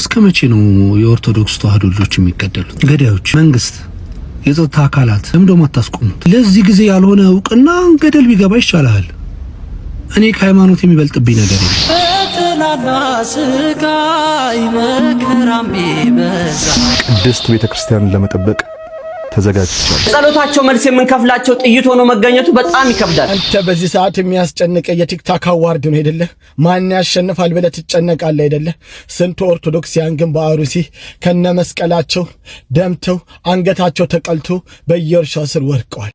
እስከ መቼ ነው የኦርቶዶክስ ተዋህዶ ልጆች የሚገደሉት? ገዳዮች፣ መንግስት፣ የጸጥታ አካላት ለምን ደግሞ አታስቆሙት? ለዚህ ጊዜ ያልሆነ እውቅና ገደል ቢገባ ይቻላል። እኔ ከሃይማኖት የሚበልጥብኝ ነገር ነው። ፈተናና ስቃይ ቤተክርስቲያንን ለመጠበቅ ተዘጋጅቻለሁ። ጸሎታቸው መልስ የምንከፍላቸው ጥይት ሆኖ መገኘቱ በጣም ይከብዳል። አንተ በዚህ ሰዓት የሚያስጨንቀ የቲክታክ አዋርድ ነው አይደለ? ማን ያሸንፋል ብለህ ትጨነቃለህ አይደለ? ስንት ኦርቶዶክሲያን ግን በአሩሲ መስቀላቸው ደምተው አንገታቸው ተቀልቶ በየእርሻው ስር ወድቀዋል።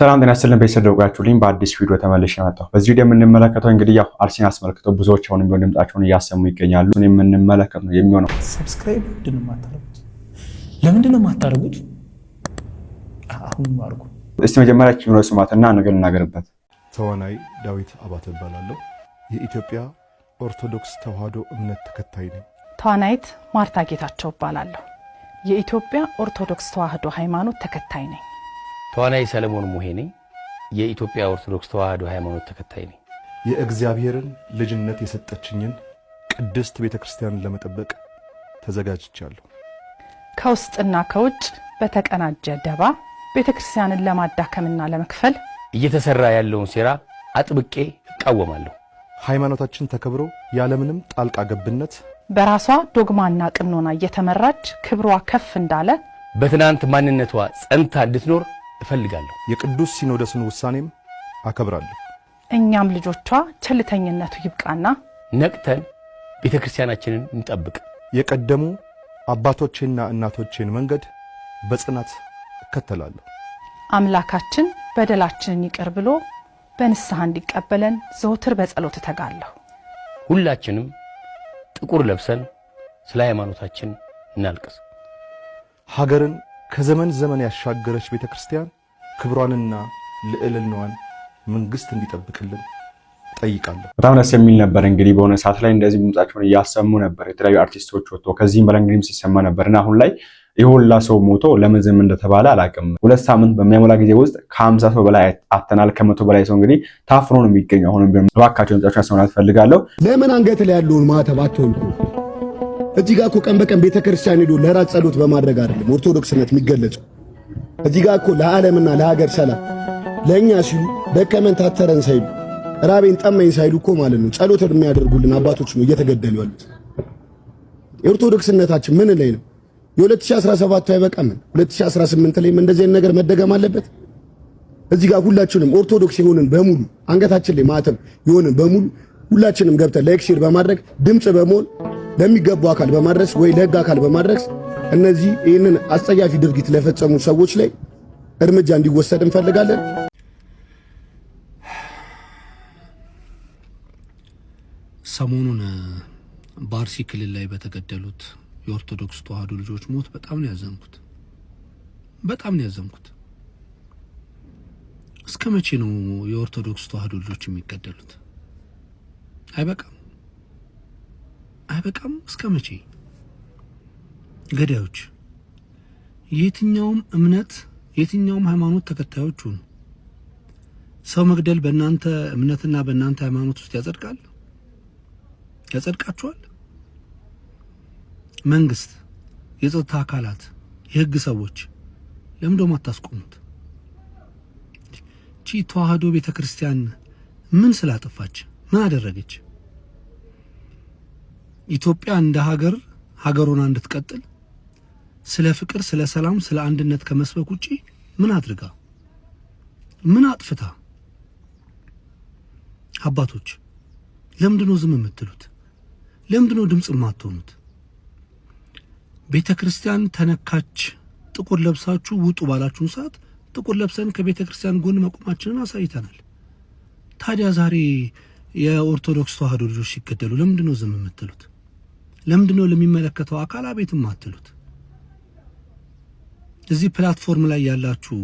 ሰላም ጤና ይስጥልን ቤተሰብ ደውጋችሁልኝ በአዲስ ቪዲዮ ተመልሼ መጣሁ። በዚህ ቪዲዮ የምንመለከተው እንግዲህ ያው አርሲን አስመልክቶ ብዙዎች አሁንም ቢሆን ድምጻቸውን እያሰሙ ይገኛሉ። እኔ የምንመለከት ነው የሚሆነው ሰብስክራይብ ለምንድን ነው የማታደርጉት? አሁን አድርጉ። እስቲ መጀመሪያ ችብረ ስማትና ነገር እናገርበት። ተዋናይ ዳዊት አባተ እባላለሁ። የኢትዮጵያ ኦርቶዶክስ ተዋህዶ እምነት ተከታይ ነኝ። ተዋናይት ማርታ ጌታቸው እባላለሁ። የኢትዮጵያ ኦርቶዶክስ ተዋህዶ ሃይማኖት ተከታይ ነኝ። ተዋናይ ሰለሞን ሙሄ ነኝ። የኢትዮጵያ ኦርቶዶክስ ተዋህዶ ሃይማኖት ተከታይ ነኝ። የእግዚአብሔርን ልጅነት የሰጠችኝን ቅድስት ቤተ ለመጠበቅ ተዘጋጅቻለሁ። ከውስጥና ከውጭ በተቀናጀ ደባ ቤተ ክርስቲያንን ለማዳከምና ለመክፈል እየተሰራ ያለውን ሴራ አጥብቄ እቃወማለሁ። ሃይማኖታችን ተከብሮ ያለምንም ጣልቃ ገብነት በራሷ ዶግማና ቅኖና እየተመራች ክብሯ ከፍ እንዳለ በትናንት ማንነቷ ጸንታ እንድትኖር እፈልጋለሁ። የቅዱስ ሲኖደስን ውሳኔም አከብራለሁ። እኛም ልጆቿ ቸልተኝነቱ ይብቃና ነቅተን ቤተ ክርስቲያናችንን እንጠብቅ። የቀደሙ አባቶችንና እናቶችን መንገድ በጽናት እከተላለሁ። አምላካችን በደላችንን ይቅር ብሎ በንስሐ እንዲቀበለን ዘውትር በጸሎት እተጋለሁ። ሁላችንም ጥቁር ለብሰን ስለ ሃይማኖታችን እናልቅስ። ሀገርን ከዘመን ዘመን ያሻገረች ቤተ ክርስቲያን ክብሯንና ልዕልናዋን መንግሥት እንዲጠብቅልን ጠይቃለሁ። በጣም ደስ የሚል ነበር። እንግዲህ በሆነ ሰዓት ላይ እንደዚህ ድምጻቸውን እያሰሙ ነበር የተለያዩ አርቲስቶች ወጥቶ ከዚህም በላይ እንግዲህም ሲሰማ ነበር እና አሁን ላይ የሁላ ሰው ሞቶ ለምን ዝም እንደተባለ አላውቅም። ሁለት ሳምንት በሚያሞላ ጊዜ ውስጥ ከሀምሳ ሰው በላይ አተናል። ከመቶ በላይ ሰው እንግዲህ ታፍኖ ነው የሚገኘው። አሁንም ቢሆን እባካቸው ድምጻቸውን ያሰሙናት ለምን አንገት ላይ ያለውን ማተብ አትሆን እዚህ ጋር እኮ ቀን በቀን ቤተክርስቲያን ሄዶ ለራት ጸሎት በማድረግ አይደለም ኦርቶዶክስነት የሚገለጸው። እዚህ ጋር እኮ ለዓለምና ለሀገር ሰላም ለእኛ ሲሉ በከመን ታተረን ሳይሉ ራቤን ጠመኝ ሳይሉ እኮ ማለት ነው ጸሎት የሚያደርጉልን አባቶች ነው እየተገደሉ ያሉት። የኦርቶዶክስነታችን ምን ላይ ነው? የ2017 አይበቃም? 2018 ላይ እንደዚህ አይነት ነገር መደገም አለበት? እዚህ ጋር ሁላችንም ኦርቶዶክስ የሆንን በሙሉ አንገታችን ላይ ማተብ የሆንን በሙሉ ሁላችንም ገብተን ለኤክሲር በማድረግ ድምጽ በመሆን ለሚገቡ አካል በማድረስ ወይ ለህግ አካል በማድረስ እነዚህ ይህንን አስጸያፊ ድርጊት ለፈጸሙ ሰዎች ላይ እርምጃ እንዲወሰድ እንፈልጋለን። ሰሞኑን በአርሲ ክልል ላይ በተገደሉት የኦርቶዶክስ ተዋህዶ ልጆች ሞት በጣም ነው ያዘንኩት። በጣም ነው ያዘንኩት። እስከ መቼ ነው የኦርቶዶክስ ተዋህዶ ልጆች የሚገደሉት? አይበቃም፣ አይበቃም። እስከ መቼ ገዳዮች የየትኛውም እምነት የትኛውም ሃይማኖት ተከታዮች ሁኑ፣ ሰው መግደል በእናንተ እምነትና በእናንተ ሃይማኖት ውስጥ ያጸድቃል? ያጸድቃችኋል። መንግስት፣ የጸጥታ አካላት፣ የህግ ሰዎች ለምን ደሞ አታስቆሙት? ቺ ተዋህዶ ቤተ ክርስቲያን ምን ስላጠፋች ምን አደረገች? ኢትዮጵያ እንደ ሀገር ሀገሩን እንድትቀጥል ስለ ፍቅር፣ ስለ ሰላም፣ ስለ አንድነት ከመስበክ ውጪ ምን አድርጋ ምን አጥፍታ? አባቶች ለምንድን ነው ዝም የምትሉት? ለምንድን ነው ድምፅ የማትሆኑት? ቤተ ክርስቲያን ተነካች፣ ጥቁር ለብሳችሁ ውጡ ባላችሁን ሰዓት ጥቁር ለብሰን ከቤተ ክርስቲያን ጎን መቆማችንን አሳይተናል። ታዲያ ዛሬ የኦርቶዶክስ ተዋህዶ ልጆች ሲገደሉ ለምንድን ነው ዝም የምትሉት? ለምንድን ነው ለሚመለከተው አካል አቤት አትሉት? እዚህ ፕላትፎርም ላይ ያላችሁ፣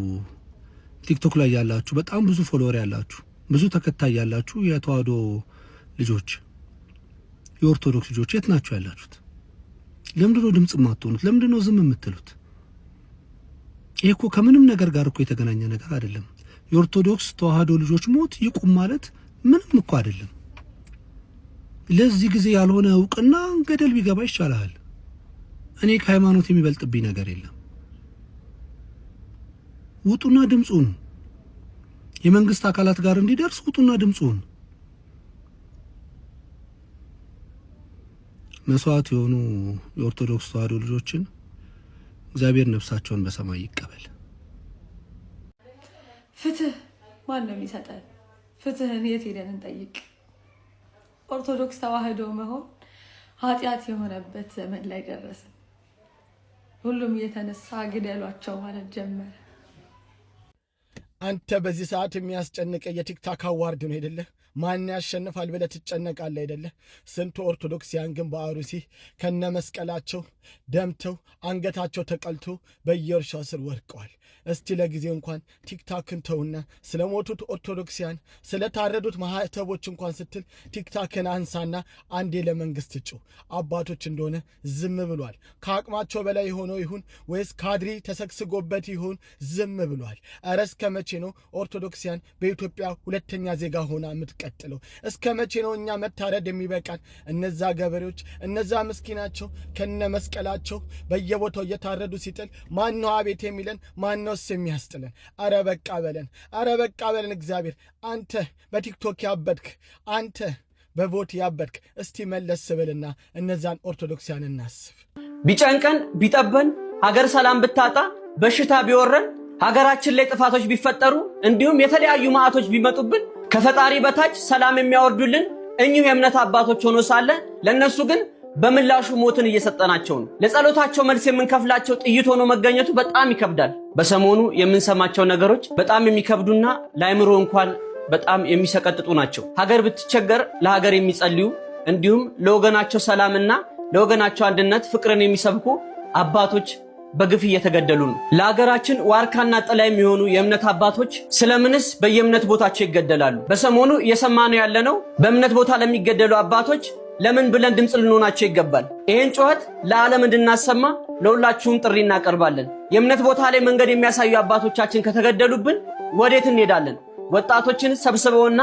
ቲክቶክ ላይ ያላችሁ፣ በጣም ብዙ ፎሎወር ያላችሁ፣ ብዙ ተከታይ ያላችሁ የተዋህዶ ልጆች የኦርቶዶክስ ልጆች የት ናቸው ያላችሁት? ለምንድነው ነው ድምፅ የማትሆኑት? ለምንድነው ነው ዝም የምትሉት? ይህ እኮ ከምንም ነገር ጋር እኮ የተገናኘ ነገር አይደለም። የኦርቶዶክስ ተዋህዶ ልጆች ሞት ይቁም ማለት ምንም እኮ አይደለም። ለዚህ ጊዜ ያልሆነ እውቅና ገደል ቢገባ ይቻላል። እኔ ከሃይማኖት የሚበልጥብኝ ነገር የለም። ውጡና ድምፁን የመንግስት አካላት ጋር እንዲደርስ ውጡና ድምፁን መስዋዕት የሆኑ የኦርቶዶክስ ተዋህዶ ልጆችን እግዚአብሔር ነፍሳቸውን በሰማይ ይቀበል። ፍትህ ማን ነው የሚሰጠን? ፍትህን የት ሄደን እንጠይቅ? ኦርቶዶክስ ተዋህዶ መሆን ኃጢአት የሆነበት ዘመን ላይ ደረስን። ሁሉም እየተነሳ ግደሏቸው ማለት ጀመረ። አንተ በዚህ ሰዓት የሚያስጨንቀ የቲክታክ አዋርድ ነው ሄደለህ ማን ያሸንፋል ብለ ትጨነቃለ አይደለ? ስንት ኦርቶዶክሲያን ግን በአሩሲ ከነመስቀላቸው ደምተው አንገታቸው ተቀልቶ በየእርሻው ስር ወድቀዋል። እስቲ ለጊዜ እንኳን ቲክታክን ተውና ስለ ሞቱት ኦርቶዶክሲያን ስለታረዱት ማህተቦች እንኳን ስትል ቲክታክን አንሳና አንዴ ለመንግስት እጩ አባቶች እንደሆነ ዝም ብሏል። ከአቅማቸው በላይ የሆነው ይሁን ወይስ ካድሪ ተሰግስጎበት ይሁን ዝም ብሏል። እረ እስከ መቼ ነው ኦርቶዶክሲያን በኢትዮጵያ ሁለተኛ ዜጋ ሆና የምትቀ የሚቀጥለው? እስከ መቼ ነው እኛ መታረድ የሚበቃል? እነዛ ገበሬዎች እነዛ ምስኪናቸው ከነ መስቀላቸው በየቦታው እየታረዱ ሲጥል ማን ነው አቤት የሚለን? ማን ነውስ የሚያስጥለን? አረ በቃ በለን፣ አረ በቃ በለን። እግዚአብሔር አንተ በቲክቶክ ያበድክ አንተ በቦት ያበድክ፣ እስቲ መለስ ስብልና እነዛን ኦርቶዶክሲያን እናስብ። ቢጨንቀን ቢጠበን ሀገር ሰላም ብታጣ በሽታ ቢወረን ሀገራችን ላይ ጥፋቶች ቢፈጠሩ እንዲሁም የተለያዩ ማዕቶች ቢመጡብን ከፈጣሪ በታች ሰላም የሚያወርዱልን እኚሁ የእምነት አባቶች ሆኖ ሳለ ለእነሱ ግን በምላሹ ሞትን እየሰጠናቸው ነው። ለጸሎታቸው መልስ የምንከፍላቸው ጥይት ሆኖ መገኘቱ በጣም ይከብዳል። በሰሞኑ የምንሰማቸው ነገሮች በጣም የሚከብዱና ለአይምሮ እንኳን በጣም የሚሰቀጥጡ ናቸው። ሀገር ብትቸገር ለሀገር የሚጸልዩ እንዲሁም ለወገናቸው ሰላምና ለወገናቸው አንድነት ፍቅርን የሚሰብኩ አባቶች በግፍ እየተገደሉ ነው። ለሀገራችን ዋርካና ጥላ የሚሆኑ የእምነት አባቶች ስለምንስ በየእምነት ቦታቸው ይገደላሉ? በሰሞኑ እየሰማነው ያለነው በእምነት ቦታ ለሚገደሉ አባቶች ለምን ብለን ድምፅ ልንሆናቸው ይገባል። ይህን ጩኸት ለዓለም እንድናሰማ ለሁላችሁም ጥሪ እናቀርባለን። የእምነት ቦታ ላይ መንገድ የሚያሳዩ አባቶቻችን ከተገደሉብን ወዴት እንሄዳለን? ወጣቶችን ሰብስበውና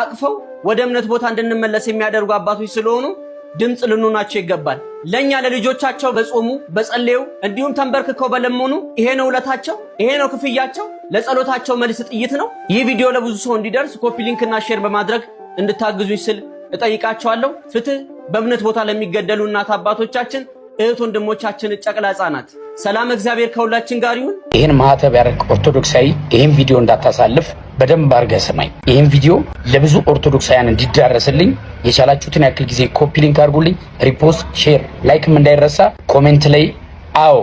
አቅፈው ወደ እምነት ቦታ እንድንመለስ የሚያደርጉ አባቶች ስለሆኑ ድምፅ ልንሆናቸው ይገባል። ለእኛ ለልጆቻቸው በጾሙ በጸለዩ እንዲሁም ተንበርክከው በለመኑ ይሄ ነው ውለታቸው፣ ይሄ ነው ክፍያቸው፣ ለጸሎታቸው መልስ ጥይት ነው። ይህ ቪዲዮ ለብዙ ሰው እንዲደርስ ኮፒ ሊንክና ሼር በማድረግ እንድታግዙኝ ስል እጠይቃቸዋለሁ። ፍትህ በእምነት ቦታ ለሚገደሉ እናት አባቶቻችን እህት ወንድሞቻችን ጨቅላ ህጻናት ሰላም እግዚአብሔር ከሁላችን ጋር ይሁን። ይህን ማህተብ ያደረግ ኦርቶዶክሳዊ ይህን ቪዲዮ እንዳታሳልፍ በደንብ አድርገህ ስማኝ። ይህን ቪዲዮ ለብዙ ኦርቶዶክሳውያን እንዲዳረስልኝ የቻላችሁትን ያክል ጊዜ ኮፒ ሊንክ አድርጉልኝ። ሪፖስት፣ ሼር፣ ላይክም እንዳይረሳ። ኮሜንት ላይ አዎ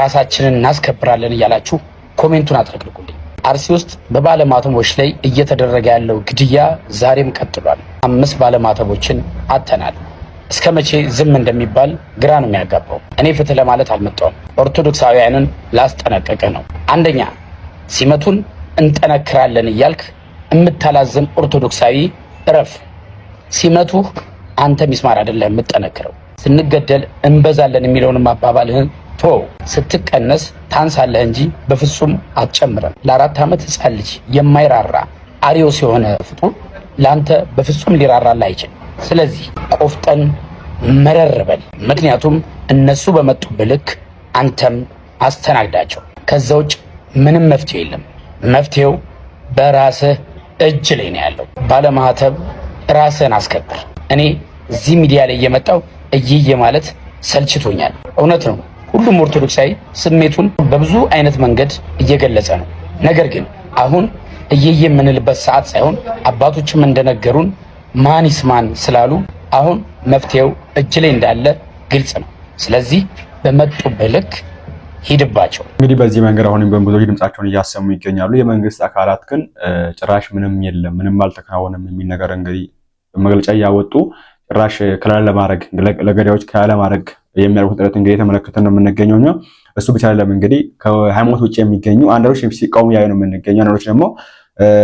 ራሳችንን እናስከብራለን እያላችሁ ኮሜንቱን አጥለቅልቁልኝ። አርሲ ውስጥ በባለማተቦች ላይ እየተደረገ ያለው ግድያ ዛሬም ቀጥሏል። አምስት ባለማተቦችን አተናል። እስከ መቼ ዝም እንደሚባል ግራ ነው የሚያጋባው። እኔ ፍትህ ለማለት አልመጣውም፣ ኦርቶዶክሳውያንን ላስጠነቀቀ ነው። አንደኛ ሲመቱን እንጠነክራለን እያልክ የምታላዝም ኦርቶዶክሳዊ እረፍ። ሲመቱህ አንተ ሚስማር አይደለም የምጠነክረው። ስንገደል እንበዛለን የሚለውንም አባባልህን ቶ ስትቀነስ ታንሳለህ እንጂ በፍጹም አትጨምረም። ለአራት ዓመት ህፃን ልጅ የማይራራ አሪዮስ የሆነ ፍጡር ለአንተ በፍጹም ሊራራል አይችልም። ስለዚህ ቆፍጠን መረር በል። ምክንያቱም እነሱ በመጡብህ ልክ አንተም አስተናግዳቸው። ከዛ ውጭ ምንም መፍትሄ የለም። መፍትሄው በራስህ እጅ ላይ ነው ያለው። ባለማህተብ ራስህን አስከብር። እኔ እዚህ ሚዲያ ላይ እየመጣው እይየ ማለት ሰልችቶኛል። እውነት ነው፣ ሁሉም ኦርቶዶክሳዊ ስሜቱን በብዙ አይነት መንገድ እየገለጸ ነው። ነገር ግን አሁን እየየ የምንልበት ሰዓት ሳይሆን አባቶችም እንደነገሩን ማን ይስማን ስላሉ አሁን መፍትሄው እጅ ላይ እንዳለ ግልጽ ነው። ስለዚህ በመጡበት ልክ ሂድባቸው። እንግዲህ በዚህ መንገድ አሁንም በንጉዞች ድምጻቸውን እያሰሙ ይገኛሉ። የመንግስት አካላት ግን ጭራሽ ምንም የለም፣ ምንም አልተከናወነም የሚል ነገር እንግዲህ መግለጫ እያወጡ ጭራሽ ከላይ ለማድረግ ለገዳዮች ከላይ ለማድረግ የሚያደርጉት ጥረት እንግዲህ የተመለከተ ነው የምንገኘው እኛ። እሱ ብቻ አይደለም እንግዲህ ከሃይማኖት ውጭ የሚገኙ አንዳንዶች ሲቃወሙ ያዩ ነው የምንገኘው፣ አንዳንዶች ደግሞ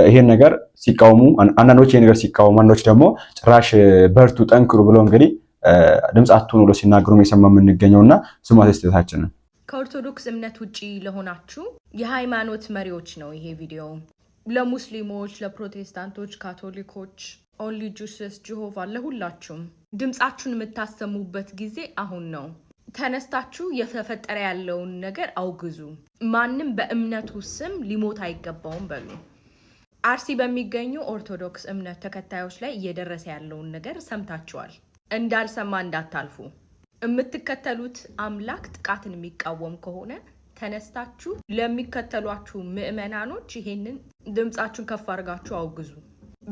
ይሄን ነገር ሲቃወሙ አንዳንዶች ይሄን ነገር ሲቃወሙ፣ አንዳንዶች ደግሞ ጭራሽ በርቱ ጠንክሩ ብለው እንግዲህ ድምፅ አትሆኑ ብለው ሲናገሩ የሰማ የምንገኘው እና ስማት ስህተታችንን ከኦርቶዶክስ እምነት ውጭ ለሆናችሁ የሃይማኖት መሪዎች ነው ይሄ ቪዲዮ ለሙስሊሞች፣ ለፕሮቴስታንቶች፣ ካቶሊኮች፣ ኦንሊ ጁስስ ጅሆቫ ለሁላችሁም ድምፃችሁን የምታሰሙበት ጊዜ አሁን ነው። ተነስታችሁ የተፈጠረ ያለውን ነገር አውግዙ። ማንም በእምነቱ ስም ሊሞት አይገባውም በሉ። አርሲ በሚገኙ ኦርቶዶክስ እምነት ተከታዮች ላይ እየደረሰ ያለውን ነገር ሰምታችኋል። እንዳልሰማ እንዳታልፉ። የምትከተሉት አምላክ ጥቃትን የሚቃወም ከሆነ ተነስታችሁ ለሚከተሏችሁ ምዕመናኖች ይሄንን ድምፃችሁን ከፍ አድርጋችሁ አውግዙ።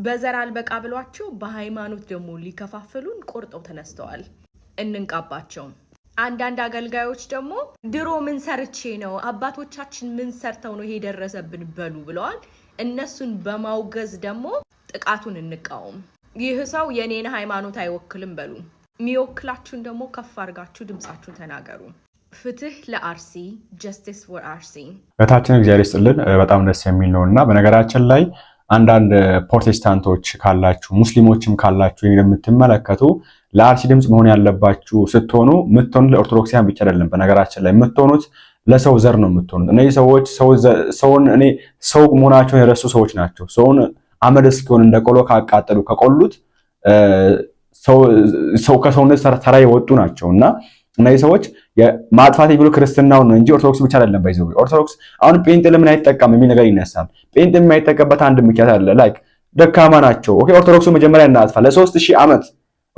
በዘር አልበቃ ብሏቸው በሃይማኖት ደግሞ ሊከፋፍሉን ቆርጠው ተነስተዋል። እንንቃባቸውም። አንዳንድ አገልጋዮች ደግሞ ድሮ ምን ሰርቼ ነው አባቶቻችን ምን ሰርተው ነው ይሄ ደረሰብን በሉ ብለዋል። እነሱን በማውገዝ ደግሞ ጥቃቱን እንቃወም። ይህ ሰው የኔን ሃይማኖት አይወክልም በሉ። የሚወክላችሁን ደግሞ ከፍ አድርጋችሁ ድምጻችሁን ተናገሩ። ፍትህ ለአርሲ ጀስቲስ ፎር አርሲ። እህታችን እግዚአብሔር ይስጥልን። በጣም ደስ የሚል ነው እና በነገራችን ላይ አንዳንድ ፕሮቴስታንቶች ካላችሁ ሙስሊሞችም ካላችሁ የምትመለከቱ ለአርሲ ድምፅ መሆን ያለባችሁ ስትሆኑ የምትሆኑት ለኦርቶዶክሲያን ብቻ አይደለም። በነገራችን ላይ የምትሆኑት ለሰው ዘር ነው የምትሆኑት። እነዚህ ሰዎች ሰውን እኔ ሰው መሆናቸውን የረሱ ሰዎች ናቸው። ሰውን አመድ እስኪሆን እንደ ቆሎ ካቃጠሉ ከቆሉት ሰው ከሰውነት ተራ የወጡ ናቸው እና እነዚህ ሰዎች ማጥፋት የሚሉ ክርስትናውን ነው እንጂ ኦርቶዶክስ ብቻ አይደለም። ባይዘው ኦርቶዶክስ አሁን ጴንጤ ለምን አይጠቀም የሚል ነገር ይነሳል። ጴንጤ የማይጠቀምበት አንድ ምክንያት አለ። ላይክ ደካማ ናቸው። ኦኬ ኦርቶዶክሱ መጀመሪያ እናጥፋ። ለሶስት ሺህ ዓመት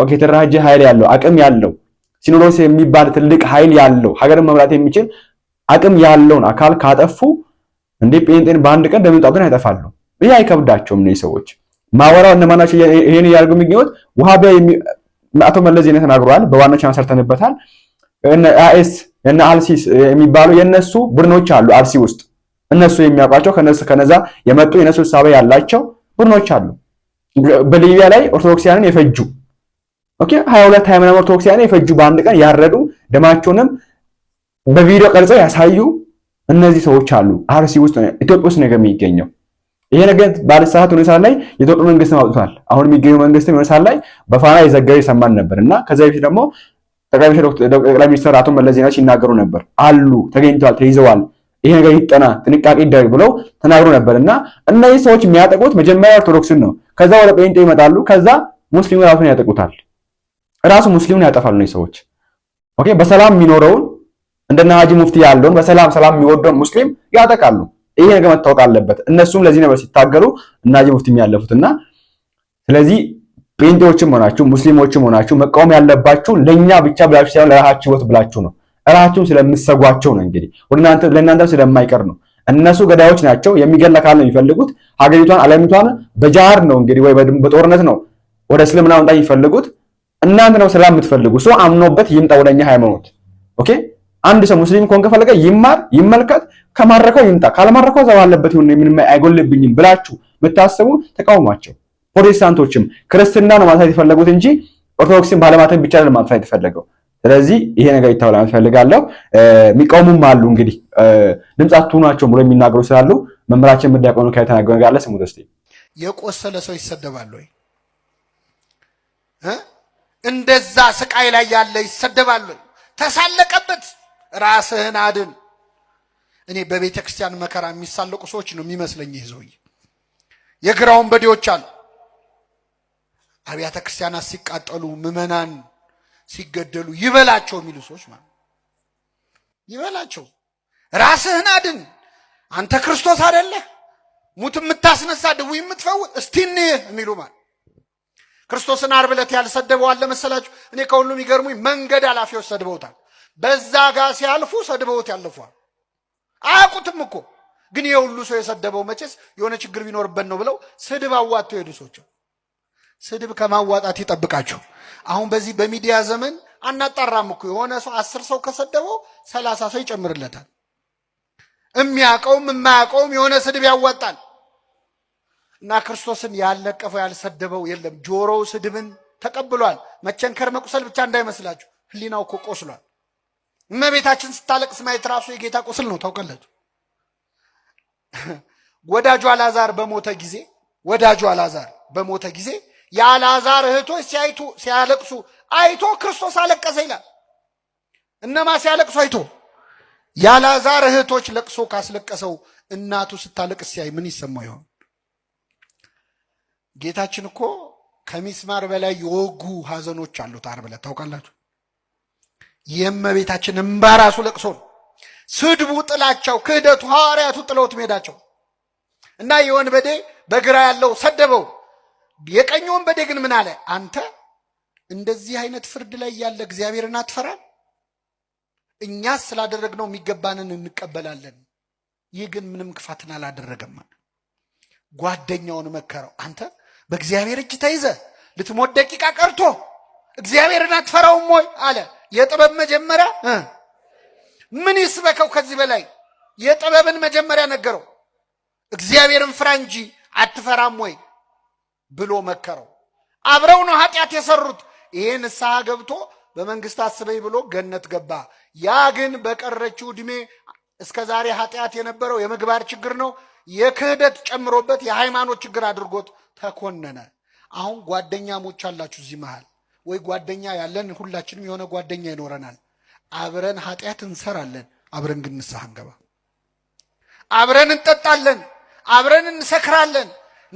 ኦኬ የተደራጀ ኃይል ያለው አቅም ያለው ሲኖዶስ የሚባል ትልቅ ኃይል ያለው ሀገርን መምራት የሚችል አቅም ያለውን አካል ካጠፉ እንዴ ጴንጤን በአንድ ቀን እንደሚጣጡን ያጠፋሉ። ይህ አይከብዳቸውም። እነዚህ ሰዎች ማወራው እነማናቸው? ይሄን እያደረጉ የሚገኙት ውሃቢያ አቶ መለስ ዜናዊ ተናግረዋል። በዋናዎች አንሰርተንበታል። አኤስ እነ አልሲስ የሚባሉ የነሱ ቡድኖች አሉ። አልሲ ውስጥ እነሱ የሚያውቋቸው ከነሱ ከነዛ የመጡ የነሱ ሳቢያ ያላቸው ቡድኖች አሉ። በሊቢያ ላይ ኦርቶዶክሲያንን የፈጁ ኦኬ 22 ሃይማኖት ኦርቶዶክሲያንን የፈጁ በአንድ ቀን ያረዱ ደማቸውንም በቪዲዮ ቀርጸው ያሳዩ እነዚህ ሰዎች አሉ። አርሲ ውስጥ ኢትዮጵያ ውስጥ ነገር የሚገኘው ይሄ ነገር ባለሰዓት ሁኔታ ላይ የኢትዮጵያ መንግስት አውጥቷል። አሁን የሚገኘው መንግስት የሆነ ሰዓት ላይ በፋና የዘገበ የሰማን ነበር እና ከዚ በፊት ደግሞ ጠቅላይ ሚኒስትር አቶ መለስ ዜናዊ ሲናገሩ ነበር አሉ ተገኝተዋል፣ ተይዘዋል፣ ይሄ ነገር ይጠና፣ ጥንቃቄ ይደረግ ብለው ተናግሮ ነበር እና እነዚህ ሰዎች የሚያጠቁት መጀመሪያ ኦርቶዶክስን ነው። ከዛ ወደ ጴንጤ ይመጣሉ። ከዛ ሙስሊሙ ራሱን ያጠቁታል። ራሱ ሙስሊሙን ያጠፋሉ እነዚህ ሰዎች ኦኬ በሰላም የሚኖረውን እንደነ ሀጂ ሙፍቲ ያለውን በሰላም ሰላም የሚወደውን ሙስሊም ያጠቃሉ። ይሄ ነገር መታወቅ አለበት። እነሱም ለዚህ ነበር ሲታገሉ እና ሀጂ ሙፍቲ የሚያለፉትና ስለዚህ ጴንጤዎችም ሆናችሁ ሙስሊሞችም ሆናችሁ መቃወም ያለባችሁ ለእኛ ብቻ ብላችሁ ሳይሆን ለራሳችሁ ሕይወት ብላችሁ ነው። እራችሁም ስለምሰጓቸው ነው። እንግዲህ ለእናንተም ስለማይቀር ነው። እነሱ ገዳዮች ናቸው። የሚገል ነው የሚፈልጉት። ሀገሪቷን አለሚቷን በጃር ነው እንግዲህ ወይ በጦርነት ነው ወደ እስልምና መምጣት የሚፈልጉት። እናንተ ነው ሰላም የምትፈልጉ። ሰው አምኖበት ይምጣ ወደ እኛ ሃይማኖት ኦኬ አንድ ሰው ሙስሊም ከሆን ፈለገ ይማር፣ ይመልከት፣ ከማረከው ይምጣ፣ ካልማረከው እዛው አለበት ይሁን፣ ምን አይጎልብኝም ብላችሁ ብታስቡ ተቃውሟቸው። ፕሮቴስታንቶችም ክርስትና ነው ማጥፋት የፈለጉት እንጂ ኦርቶዶክስን ባለማተም ብቻ ነው ማጥፋት የተፈለገው። ስለዚህ ይሄ ነገር ይታወላ እፈልጋለሁ። የሚቃወሙም አሉ እንግዲህ ድምፅ አትሆናቸውም ብሎ የሚናገሩ ስላሉ መምህራችን ምዳቆኑ ከተናገሩ ነገር አለ። ስሙት እስኪ። የቆሰለ ሰው ይሰደባል ወይ? እንደዛ ስቃይ ላይ ያለ ይሰደባል ወይ? ተሳለቀበት ራስህን አድን። እኔ በቤተ ክርስቲያን መከራ የሚሳለቁ ሰዎች ነው የሚመስለኝ። ይህ ሰውዬ የግራ ወንበዴዎች አሉ። አብያተ ክርስቲያናት ሲቃጠሉ፣ ምዕመናን ሲገደሉ ይበላቸው የሚሉ ሰዎች ማለት ይበላቸው። ራስህን አድን። አንተ ክርስቶስ አይደለህ? ሙት የምታስነሳ ድዊ የምትፈውጥ እስቲን የሚሉ ማለት ክርስቶስን ዓርብ ዕለት ያልሰደበዋል ለመሰላችሁ። እኔ ከሁሉም ይገርሙኝ መንገድ ኃላፊዎች ሰድበውታል። በዛ ጋ ሲያልፉ ሰድበውት ያልፏል። አያውቁትም እኮ ግን የሁሉ ሰው የሰደበው መቼስ የሆነ ችግር ቢኖርበት ነው ብለው ስድብ አዋጥተው ሄዱ። ሰዎች ስድብ ከማዋጣት ይጠብቃቸው አሁን በዚህ በሚዲያ ዘመን አናጣራም እኮ የሆነ ሰው አስር ሰው ከሰደበው ሰላሳ ሰው ይጨምርለታል። እሚያውቀውም የማያውቀውም የሆነ ስድብ ያዋጣል እና ክርስቶስን ያለቀፈው ያልሰደበው የለም። ጆሮው ስድብን ተቀብሏል። መቸንከር መቁሰል ብቻ እንዳይመስላችሁ፣ ህሊናው እኮ ቆስሏል። እመቤታችን ስታለቅስ ማየት ራሱ የጌታ ቁስል ነው። ታውቃላችሁ፣ ወዳጁ አላዛር በሞተ ጊዜ ወዳጁ አላዛር በሞተ ጊዜ የአላዛር እህቶች ሲያይቱ ሲያለቅሱ አይቶ ክርስቶስ አለቀሰ ይላል። እነማ ሲያለቅሱ አይቶ የአላዛር እህቶች ለቅሶ ካስለቀሰው እናቱ ስታለቅስ ሲያይ ምን ይሰማው ይሆን? ጌታችን እኮ ከሚስማር በላይ የወጉ ሀዘኖች አሉት። ዓርብ ዕለት ታውቃላችሁ የእመቤታችን እምባ ለቅሶ ነው። ስድቡ፣ ጥላቸው ክህደቱ፣ ሐዋርያቱ ጥለውት መሄዳቸው እና የወንበዴ በግራ ያለው ሰደበው። የቀኝ ወንበዴ ግን ምን አለ? አንተ እንደዚህ አይነት ፍርድ ላይ ያለ እግዚአብሔርን አትፈራል? እኛስ ስላደረግነው የሚገባንን እንቀበላለን። ይህ ግን ምንም ክፋትን አላደረገም። ጓደኛውን መከረው። አንተ በእግዚአብሔር እጅ ተይዘ ልትሞት ደቂቃ ቀርቶ እግዚአብሔርን አትፈራውም ወይ አለ። የጥበብ መጀመሪያ ምን ይስበከው ከዚህ በላይ የጥበብን መጀመሪያ ነገረው። እግዚአብሔርን ፍራ እንጂ አትፈራም ወይ ብሎ መከረው። አብረው ነው ኃጢአት የሰሩት። ይሄ ንስሐ ገብቶ በመንግስት አስበኝ ብሎ ገነት ገባ። ያ ግን በቀረችው ዕድሜ እስከ ዛሬ ኃጢአት የነበረው የምግባር ችግር ነው። የክህደት ጨምሮበት የሃይማኖት ችግር አድርጎት ተኮነነ። አሁን ጓደኛሞች አላችሁ እዚህ መሃል ወይ ጓደኛ ያለን ሁላችንም የሆነ ጓደኛ ይኖረናል። አብረን ኃጢአት እንሰራለን፣ አብረን ግን ንስሐ እንገባ። አብረን እንጠጣለን፣ አብረን እንሰክራለን።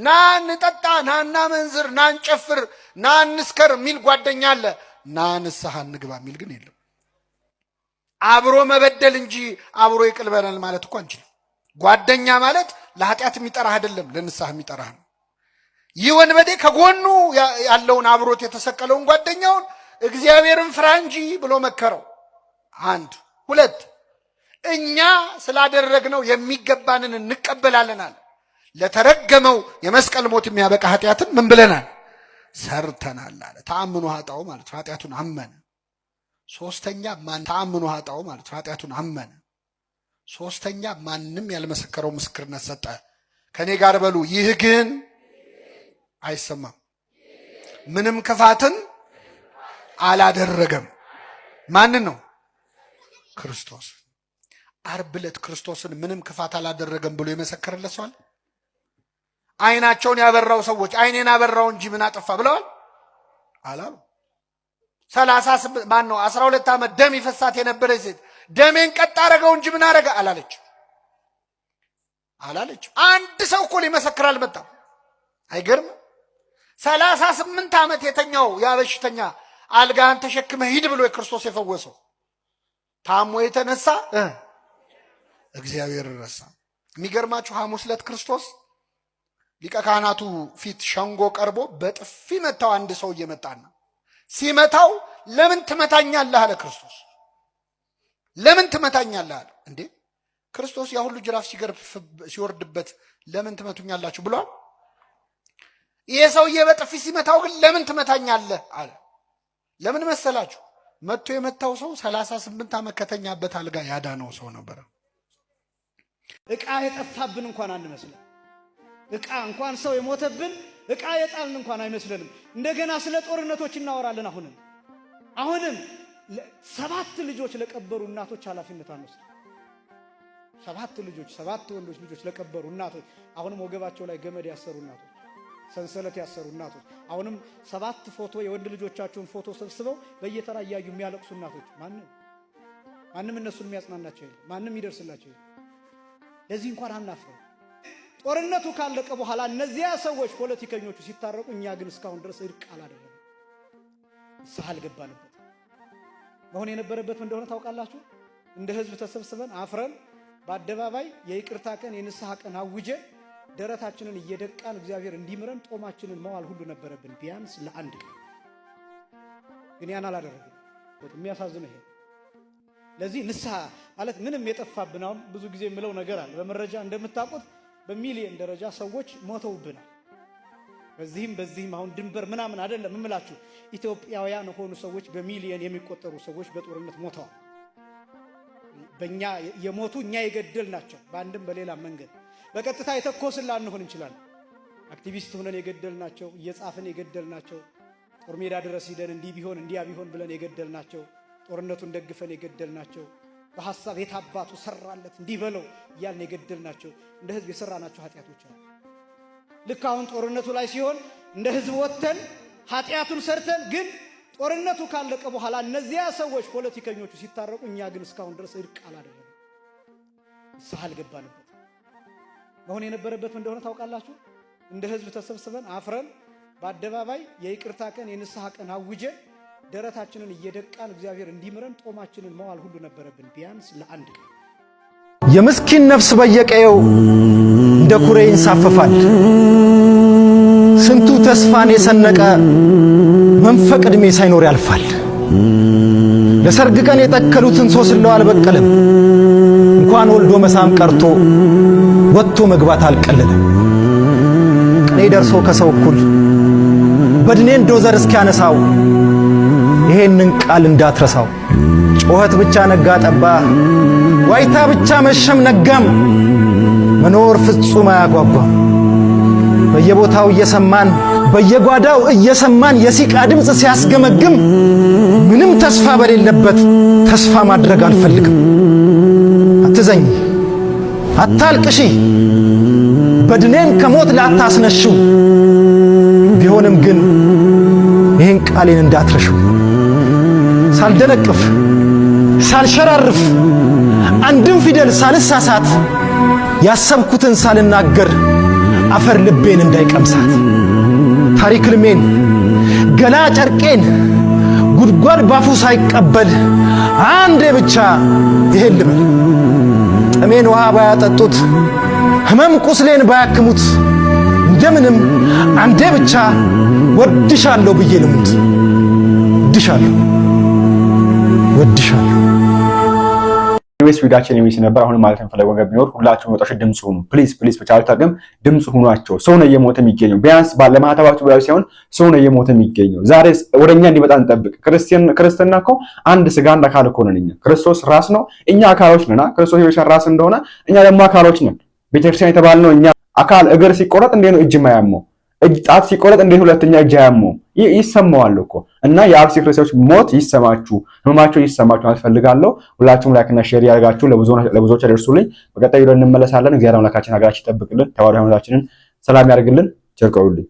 ና እንጠጣ፣ ና እናመንዝር፣ ና እንጨፍር፣ ና እንስከር የሚል ጓደኛ አለ። ና ንስሐ እንግባ የሚል ግን የለም። አብሮ መበደል እንጂ አብሮ ይቅልበናል ማለት እኮ አንችልም። ጓደኛ ማለት ለኃጢአት የሚጠራህ አይደለም፣ ለንስሐ የሚጠራህ ነው። ይህ ወንበዴ ከጎኑ ያለውን አብሮት የተሰቀለውን ጓደኛውን እግዚአብሔርን ፍራ እንጂ ብሎ መከረው። አንድ ሁለት እኛ ስላደረግነው የሚገባንን አለ። ለተረገመው የመስቀል ሞት የሚያበቃ ኃጢአትን ምን ብለናል? ሰርተናል አለ። ተአምኖ ኃጣው ማለት ኃጢአቱን አመነ። ሶስተኛ ማን ተአምኖ ኃጣው ማለት ኃጢአቱን አመነ። ሶስተኛ ማንም ያልመሰከረው ምስክርነት ሰጠ። ከእኔ ጋር በሉ ይህ ግን አይሰማም። ምንም ክፋትን አላደረገም። ማንን ነው? ክርስቶስ። አርብ ዕለት ክርስቶስን ምንም ክፋት አላደረገም ብሎ የመሰከረለት ሰዋል። አይናቸውን ያበራው ሰዎች አይኔን አበራው እንጂ ምን አጠፋ ብለዋል አላሉ። ሰላሳ ማን ነው? አስራ ሁለት ዓመት ደም ይፈሳት የነበረች ሴት ደሜን ቀጥ አረገው እንጂ ምን አረገ አላለች አላለች። አንድ ሰው እኮ ሊመሰክር አልመጣም። አይገርም? ሰላሳ ስምንት ዓመት የተኛው ያ በሽተኛ አልጋህን ተሸክመ ሂድ ብሎ የክርስቶስ የፈወሰው ታሞ የተነሳ እግዚአብሔር ረሳ። የሚገርማችሁ ሐሙስ ዕለት ክርስቶስ ሊቀ ካህናቱ ፊት ሸንጎ ቀርቦ በጥፊ መታው። አንድ ሰው እየመጣና ሲመታው ለምን ትመታኛለህ አለ ክርስቶስ። ለምን ትመታኛለህ አለ። እንዴ ክርስቶስ ያ ሁሉ ጅራፍ ሲወርድበት ለምን ትመቱኛላችሁ ብሏል? ይሄ ሰውዬ በጥፊ ሲመታው ግን ለምን ትመታኛለህ አለ። ለምን መሰላችሁ? መጥቶ የመታው ሰው ሰላሳ ስምንት ዓመት ከተኛበት አልጋ ያዳነው ሰው ነበረ። እቃ የጠፋብን እንኳን አንመስልም። እቃ እንኳን ሰው የሞተብን እቃ የጣልን እንኳን አይመስለንም። እንደገና ስለ ጦርነቶች እናወራለን። አሁንም አሁንም ሰባት ልጆች ለቀበሩ እናቶች ኃላፊነት አንወስድ። ሰባት ልጆች ሰባት ወንዶች ልጆች ለቀበሩ እናቶች አሁንም ወገባቸው ላይ ገመድ ያሰሩ እናቶች ሰንሰለት ያሰሩ እናቶች፣ አሁንም ሰባት ፎቶ የወንድ ልጆቻቸውን ፎቶ ሰብስበው በየተራ እያዩ የሚያለቅሱ እናቶች ማንም ማንም እነሱን የሚያጽናናቸው የለም። ማንም ይደርስላቸው የለም። ለዚህ እንኳን አናፍረው። ጦርነቱ ካለቀ በኋላ እነዚያ ሰዎች ፖለቲከኞቹ ሲታረቁ፣ እኛ ግን እስካሁን ድረስ እርቅ አላደለም። ንስሐ አልገባንበት መሆን የነበረበትም እንደሆነ ታውቃላችሁ። እንደ ህዝብ ተሰብስበን አፍረን በአደባባይ የይቅርታ ቀን የንስሐ ቀን አውጀን ደረታችንን እየደቃን እግዚአብሔር እንዲምረን ጦማችንን መዋል ሁሉ ነበረብን፣ ቢያንስ ለአንድ ቀን። ግን ያን አላደረግም። የሚያሳዝነ ይሄ ለዚህ ንስሐ ማለት ምንም የጠፋብን አሁን ብዙ ጊዜ የምለው ነገር አለ። በመረጃ እንደምታውቁት በሚሊየን ደረጃ ሰዎች ሞተውብናል። በዚህም በዚህም አሁን ድንበር ምናምን አይደለም እምላችሁ ኢትዮጵያውያን ሆኑ ሰዎች በሚሊየን የሚቆጠሩ ሰዎች በጦርነት ሞተዋል። በእኛ የሞቱ እኛ የገደል ናቸው በአንድም በሌላ መንገድ በቀጥታ የተኮስን ላንሆን እንችላለን። አክቲቪስት ሆነን የገደልናቸው፣ እየጻፍን የገደልናቸው፣ ጦር ሜዳ ድረስ ሂደን እንዲህ ቢሆን እንዲያ ቢሆን ብለን የገደልናቸው፣ ጦርነቱን ደግፈን የገደልናቸው፣ በሐሳብ የታባቱ ሰራለት እንዲህ በለው እያልን የገደልናቸው እንደ ህዝብ የሰራናቸው ኃጢአቶች አሉ። ልክ አሁን ጦርነቱ ላይ ሲሆን እንደ ህዝብ ወጥተን ኃጢአቱን ሰርተን ግን ጦርነቱ ካለቀ በኋላ እነዚያ ሰዎች ፖለቲከኞቹ ሲታረቁ እኛ ግን እስካሁን ድረስ እርቅ አላደለም፣ ንስሐ አልገባንም። መሆን የነበረበት እንደሆነ ታውቃላችሁ። እንደ ህዝብ ተሰብስበን አፍረን በአደባባይ የይቅርታ ቀን የንስሐ ቀን አውጀን ደረታችንን እየደቃን እግዚአብሔር እንዲምረን ጦማችንን መዋል ሁሉ ነበረብን። ቢያንስ ለአንድ ቀን የምስኪን ነፍስ በየቀየው እንደ ኩሬ ይንሳፈፋል። ስንቱ ተስፋን የሰነቀ መንፈቅ ዕድሜ ሳይኖር ያልፋል። ለሰርግ ቀን የተከሉትን ሶስላው በቀለም? እንኳን ወልዶ መሳም ቀርቶ ወጥቶ መግባት አልቀለለም። ቅኔ ደርሶ ከሰው እኩል በድኔን ዶዘር እስኪያነሳው ይሄንን ቃል እንዳትረሳው። ጩኸት ብቻ ነጋ ጠባ፣ ዋይታ ብቻ መሸም ነጋም፣ መኖር ፍጹም አያጓጓም። በየቦታው እየሰማን በየጓዳው እየሰማን የሲቃ ድምፅ ሲያስገመግም ምንም ተስፋ በሌለበት ተስፋ ማድረግ አልፈልግም። አትዘኝ፣ አታልቅሺ፣ በድኔን ከሞት ላታስነሹ ቢሆንም ግን ይህን ቃሌን እንዳትረሹ ሳልደነቅፍ ሳልሸራርፍ አንድም ፊደል ሳልሳሳት ያሰብኩትን ሳልናገር አፈር ልቤን እንዳይቀምሳት ታሪክ ልሜን ገላ ጨርቄን ጉድጓድ ባፉ ሳይቀበል አንዴ ብቻ ይሄን ልበል። ጥሜን ውሃ ባያጠጡት ህመም ቁስሌን ባያክሙት እንደምንም አንዴ ብቻ ወድሻለሁ ብዬ ልሙት። ወድሻለሁ ወድሻለሁ ኒዌስ ዊዳችን ኒዌስ ነበር። አሁን ማለት የምፈለገው ነገር ቢኖር ሁላችሁም ወጣሽ ድምጽ ሁኑ። ፕሊዝ ፕሊዝ ብቻ አልታገም ድምጽ ሁኗቸው። ሰው ነው እየሞተ የሚገኘው። ቢያንስ ባለማህተባችሁ ብላችሁ ሳይሆን ሰው ነው እየሞተ የሚገኘው። ዛሬ ወደ እኛ እንዲመጣ እንጠብቅ። ክርስቲያን ክርስትና እኮ አንድ ስጋ አንድ አካል እኮ ነን። እኛ ክርስቶስ ራስ ነው፣ እኛ አካሎች ነና ክርስቶስ የሆነ ራስ እንደሆነ እኛ ደግሞ አካሎች ነን። ቤተክርስቲያን የተባልነው እኛ አካል እግር ሲቆረጥ እንዴት ነው እጅ ማያመው? እጅ ጣት ሲቆረጥ እንዴት ሁለተኛ እጅ አያመውም? ይሰማዋል እኮ እና የአርሲ ክርስቲያኖች ሞት ይሰማችሁ፣ ህመማቸው ይሰማችሁ ማለት እፈልጋለሁ። ሁላችሁም ላይክና ሼር ያደርጋችሁ ለብዙዎች ያደርሱልኝ። በቀጣይ እንመለሳለን። እግዚአብሔር አምላካችን ሀገራችን ይጠብቅልን፣ ተባዶ ሃይማኖታችንን ሰላም ያደርግልን። ቸር ቆዩልኝ።